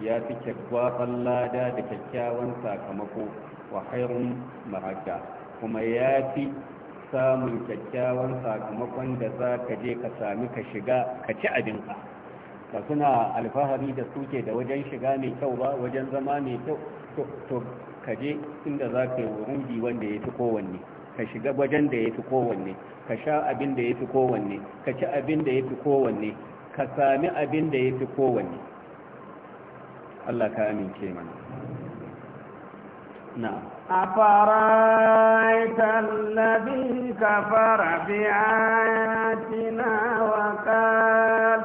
Speaker 1: ya fi kyakkyawan lada da kyakkyawan sakamako wa khairun maraka kuma ya fi samun kyakkyawan sakamakon da za ka je ka sami ka shiga ka ci abinka ba suna alfahari da suke da wajen shiga mai kyau ba wajen zama mai kyau to ka je inda za ka yi wurudi wanda ya fi kowanne ka shiga wajen da ya fi kowanne ka sha abin da ya fi kowanne ka ci abin da ya fi kowanne ka sami abin da ya fi kowanne Allah ka amince mana
Speaker 2: na'am
Speaker 3: أفرأيت الذي كفر بآياتنا وقال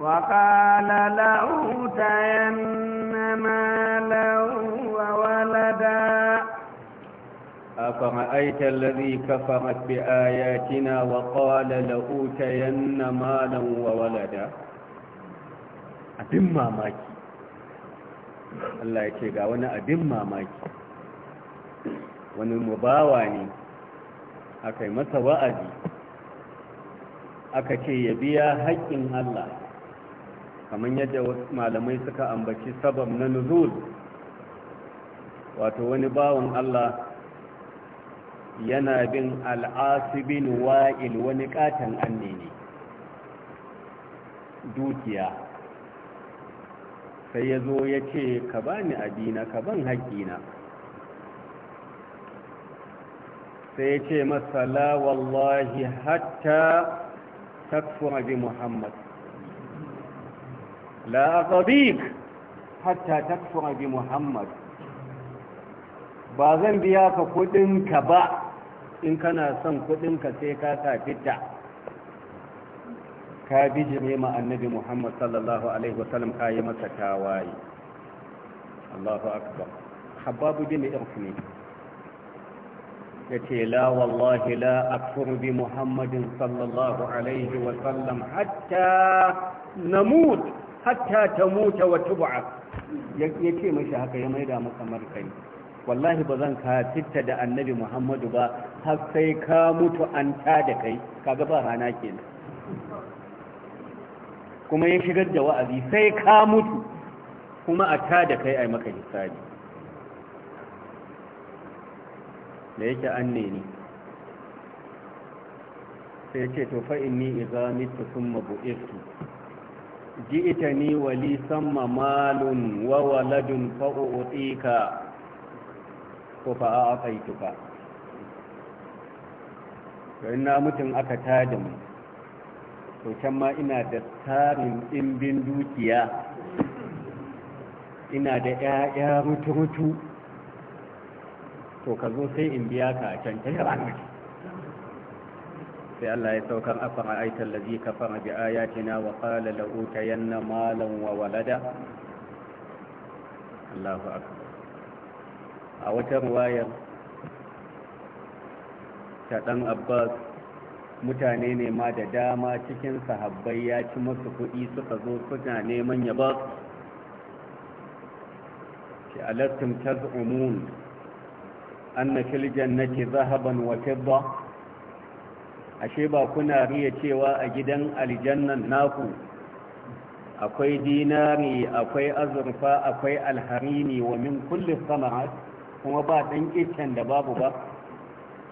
Speaker 3: Waƙala la'u ta yanna malam wa walada.
Speaker 1: Akwai aikar lari kafar asfai, ya cina waƙala la'u ta yanna Allah ya ce ga wani abin mamaki. Wani Mubawa ne a kai masa wa'azi? Aka ce ya biya haƙƙin Allah. kamar yadda malamai suka ambaci sabab na nuzul wato wani bawan Allah yana bin al'asibin wa'il wani katon annene. dukiya sai ya zo ya ce ka bani abina ka ban na. sai ya ce masala wallahi hatta takfura bi muhammad لا قضيك حتى تكفر بمحمد بازن بياك قدن كبا إن كان سن قدن كسيكا تابتا كابج ميما النبي محمد صلى الله عليه وسلم قائمة كاواي الله أكبر حباب بن إرفني يتي لا والله لا أكفر بمحمد صلى الله عليه وسلم حتى نموت hatta ta mota wa tubu'a ya ce mashi haka ya maida masa kai wallahi ba zan ka titta da annabi muhammadu ba har sai ka mutu an ta da kai kaga ba rana kenan kuma ya shigar da wa'azi sai ka mutu kuma a ta da kai ai maka hisabi da yake an ne sai ce to fa inni idza mitu thumma bu'ithtu ji'itani wali samma malun wa waladun fa'u'tika ko ba? to ina mutum aka tada to can ma ina da tarin ɗimbin dukiya ina da ƴaƴa mutu-mutu to ka zo sai in biya ka can ta sai Allah ya saukar a aitar lazi ka fara bi ayatina wa kala la'uta yanna malan wa walada Allahu akbar a wata ruwayar ta ɗan Abbas mutane ne ma da dama cikin sahabbai ya ci musu kuɗi suka zo suna neman ya ba ki alattum taz'umun anna fil zahaban wa fidda ashe ba kuna riya cewa a gidan aljannan naku akwai dinari akwai azurfa akwai alharini wa min kulli samarat kuma ba dan iccen da babu ba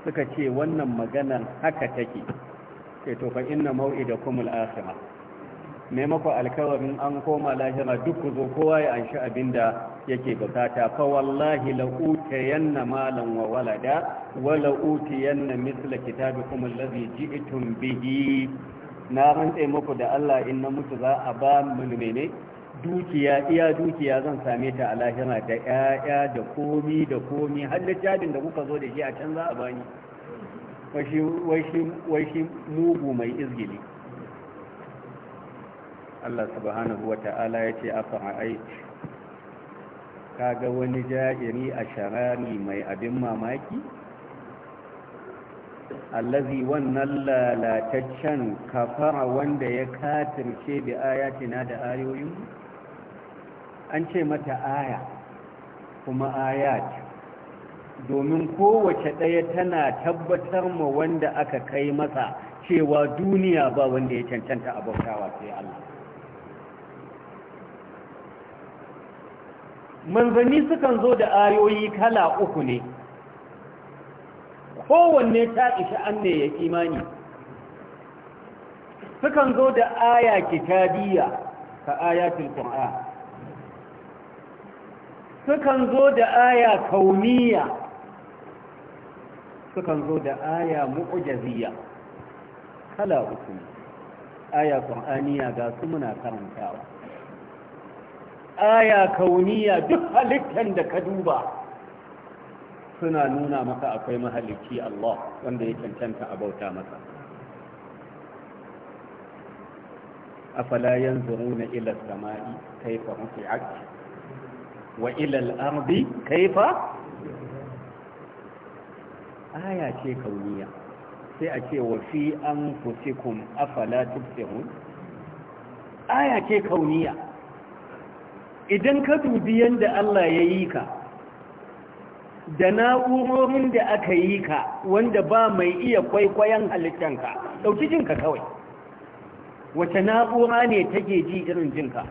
Speaker 1: suka ce wannan maganar haka take sai to fa inna mau'idakum al-akhirah maimakon alkawarin an koma lahira duk ku zo kowa ya anshi abin da yake bukata fa wallahi la utayanna malan wa walada wa la utayanna mithla kitabikum allazi ji'tum bihi na rantse muku da Allah in na mutu za a ba mu menene. dukiya iya dukiya zan same ta a lahira da ƴaƴa da komi da komi har littafin da kuka zo da shi a can za a bani wai shi mugu mai izgili Allah subhanahu wa ta'ala ya ce afa Ka ga wani ja'iri a sharari mai abin mamaki allazi wannan lalataccen kafara wanda ya katirce bi ayatina da ayoyin an ce mata aya kuma ayat domin kowace ɗaya tana tabbatar ma wanda aka kai masa cewa duniya ba wanda ya cancanta a bautawa sai Allah manzanni sukan zo da ayoyi kala uku ne kowanne ta isa an ne ya imani sukan zo da aya kitabiyya ka ayatul qur'an sukan zo da aya kauniya sukan zo da aya mu'jiziyya kala uku aya qur'aniyya ga su muna karantawa aya kauniya duk halittar da ka duba suna nuna maka akwai mahalicci Allah wanda ya cancanta a bauta masa afala yanzuruna ila samai kaifa rufi'at wa ila al-ardi kaifa aya ce kauniya sai a ce wa fi anfusikum afala tubsirun aya ce kauniya idan ka dubi yadda Allah ya yi ka da na'urorin da aka yi ka wanda ba mai iya kwaikwayon halittanka ɗauki jinka kawai wace na'ura ne take ji irin jinka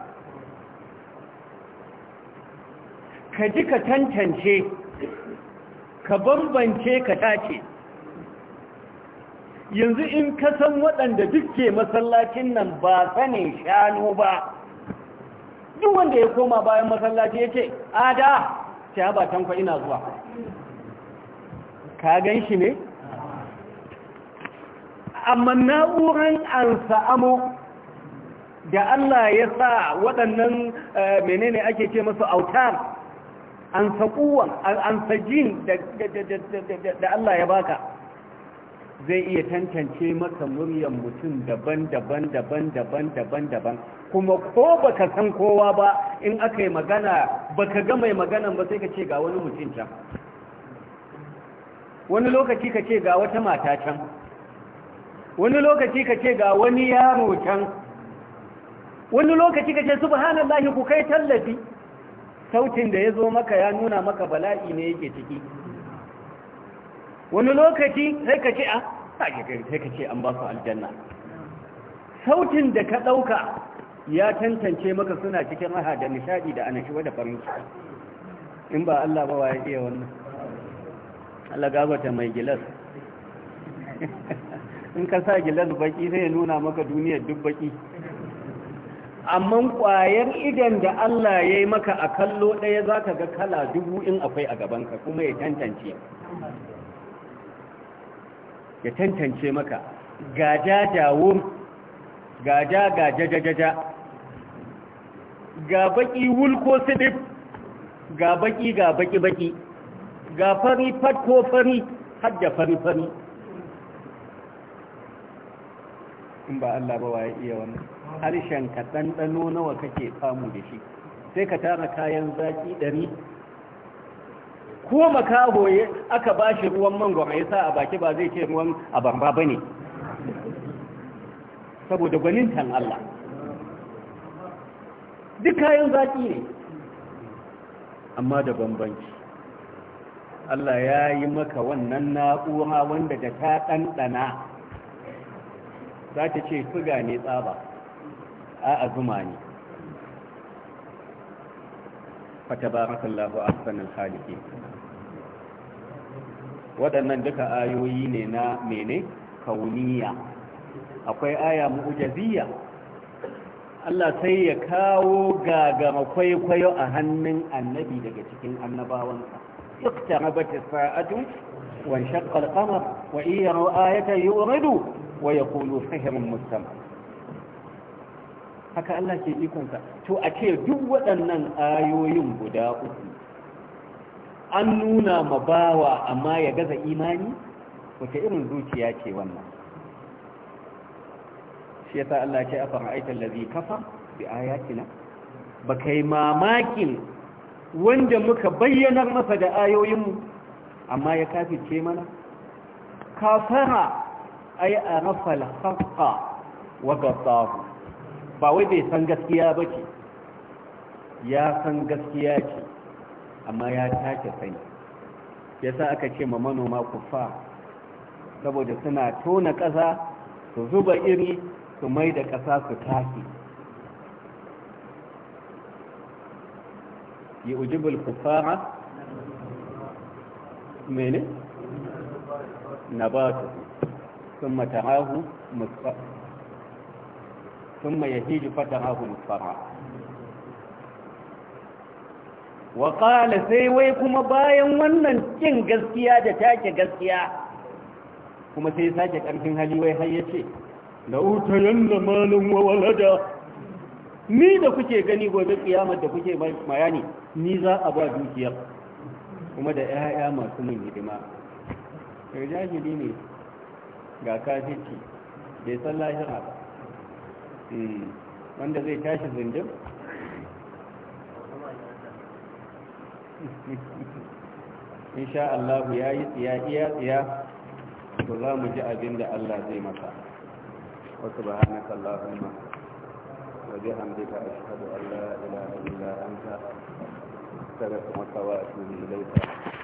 Speaker 1: ka ji ka tantance ka bambance ka tace yanzu in ka san waɗanda duk ke masallacin nan ba sanin shanu ba duk wanda ya koma bayan masallaci ya ce ada ta ba tankwa ina zuwa ka gan shi ne amma na'urar ansa amo da Allah ya sa waɗannan eh, menene ake ce masu autar an saƙuwan an sajin da Allah ya baka zai iya tantance maka muryan mutum daban-daban daban-daban daban-daban kuma ko baka san kowa ba in aka yi magana baka ga mai maganan ba sai ka ce ga wani mutum can wani lokaci ka ce ga wata mata can wani lokaci ka ce ga wani yaro can wani lokaci ka ce subhanallahi ku kai tallafi sautin da ya zo maka ya nuna maka bala'i ne yake ciki wani lokaci sai ka ce a ah, kage gari sai ka ce an ba su aljanna sautin da ka ɗauka ya tantance maka suna cikin raha da nishadi da annashuwa da farin ciki in ba Allah ba waye iya wannan Allah gabata mai gilas in ka sa gilas baki zai nuna maka duniyar duk baki amma kwayar idan da Allah ya yi maka a kallo ɗaya za ka ga kala dubu in akwai a gabanka kuma ya tantance ya tantance maka gaja dawo gaja gaja gaja ga baki wul ko sidif ga baki ga baki baki ga fari fat ko fari har da fari fari in ba Allah ba waye iya wannan harshen ka dandano nawa kake samu da shi sai ka tara kayan zaki ɗari ko makaho aka ba shi ruwan mangwama ya sa a baki ba zai ce ruwan abarba ba ne saboda gwanintan Allah duk kayan zaƙi ne amma da bambanci Allah ya yi maka wannan na'ura wanda da ta ɗanɗana za ta ce suga ne tsaba a azuma ne fata ba masallahu a sanin waɗannan duka ayoyi ne na mene kauniya akwai aya mu'jaziyya Allah sai ya kawo gagama kwaikwayo a hannun annabi daga cikin annabawansa اقتربت الساعة وانشق القمر وإن يروا آية يؤردوا ويقولوا سحر مستمر haka Allah ke ikonka to a ce duk waɗannan ayoyin guda uku an nuna ma bawa amma ya gaza imani wace irin zuciya ce wannan shi yasa Allah ce a fara'aita allazi kafa bi ayatina ba kai mamakin wanda muka bayyanar masa da ayoyinmu amma ya kafice mana kafara ay arafa al-haqqa wa qatahu ba wai bai san gaskiya ba bace ya san gaskiya ce amma ya take sani yasa aka ce ma manoma kufa saboda suna tona ƙasa su zuba iri su mai da ƙasa su tashi yi ujibul kufara
Speaker 2: mene? nabatu
Speaker 1: sun matarahu musfara sun ma yahiji fatarahu musfara wa ƙala sai wai kuma bayan wannan cin gaskiya da take gaskiya kuma sai sake ƙarfin hali wai har ya ce uta yalla malin wa walada ni da kuke gani gobe kiyamar da kuke bayani ni za a ba dukiyar kuma da 'ya'ya masu mun hidima Sai jahili ne ga kafirci bai san lahira hmm, wanda zai tashi zindin insha Allah ya yi tsiya tsiya to za mu ji abin da Allah zai masa wa subhanaka allahumma wa bihamdika ashhadu an la ilaha illa anta astaghfiruka wa atubu ilayka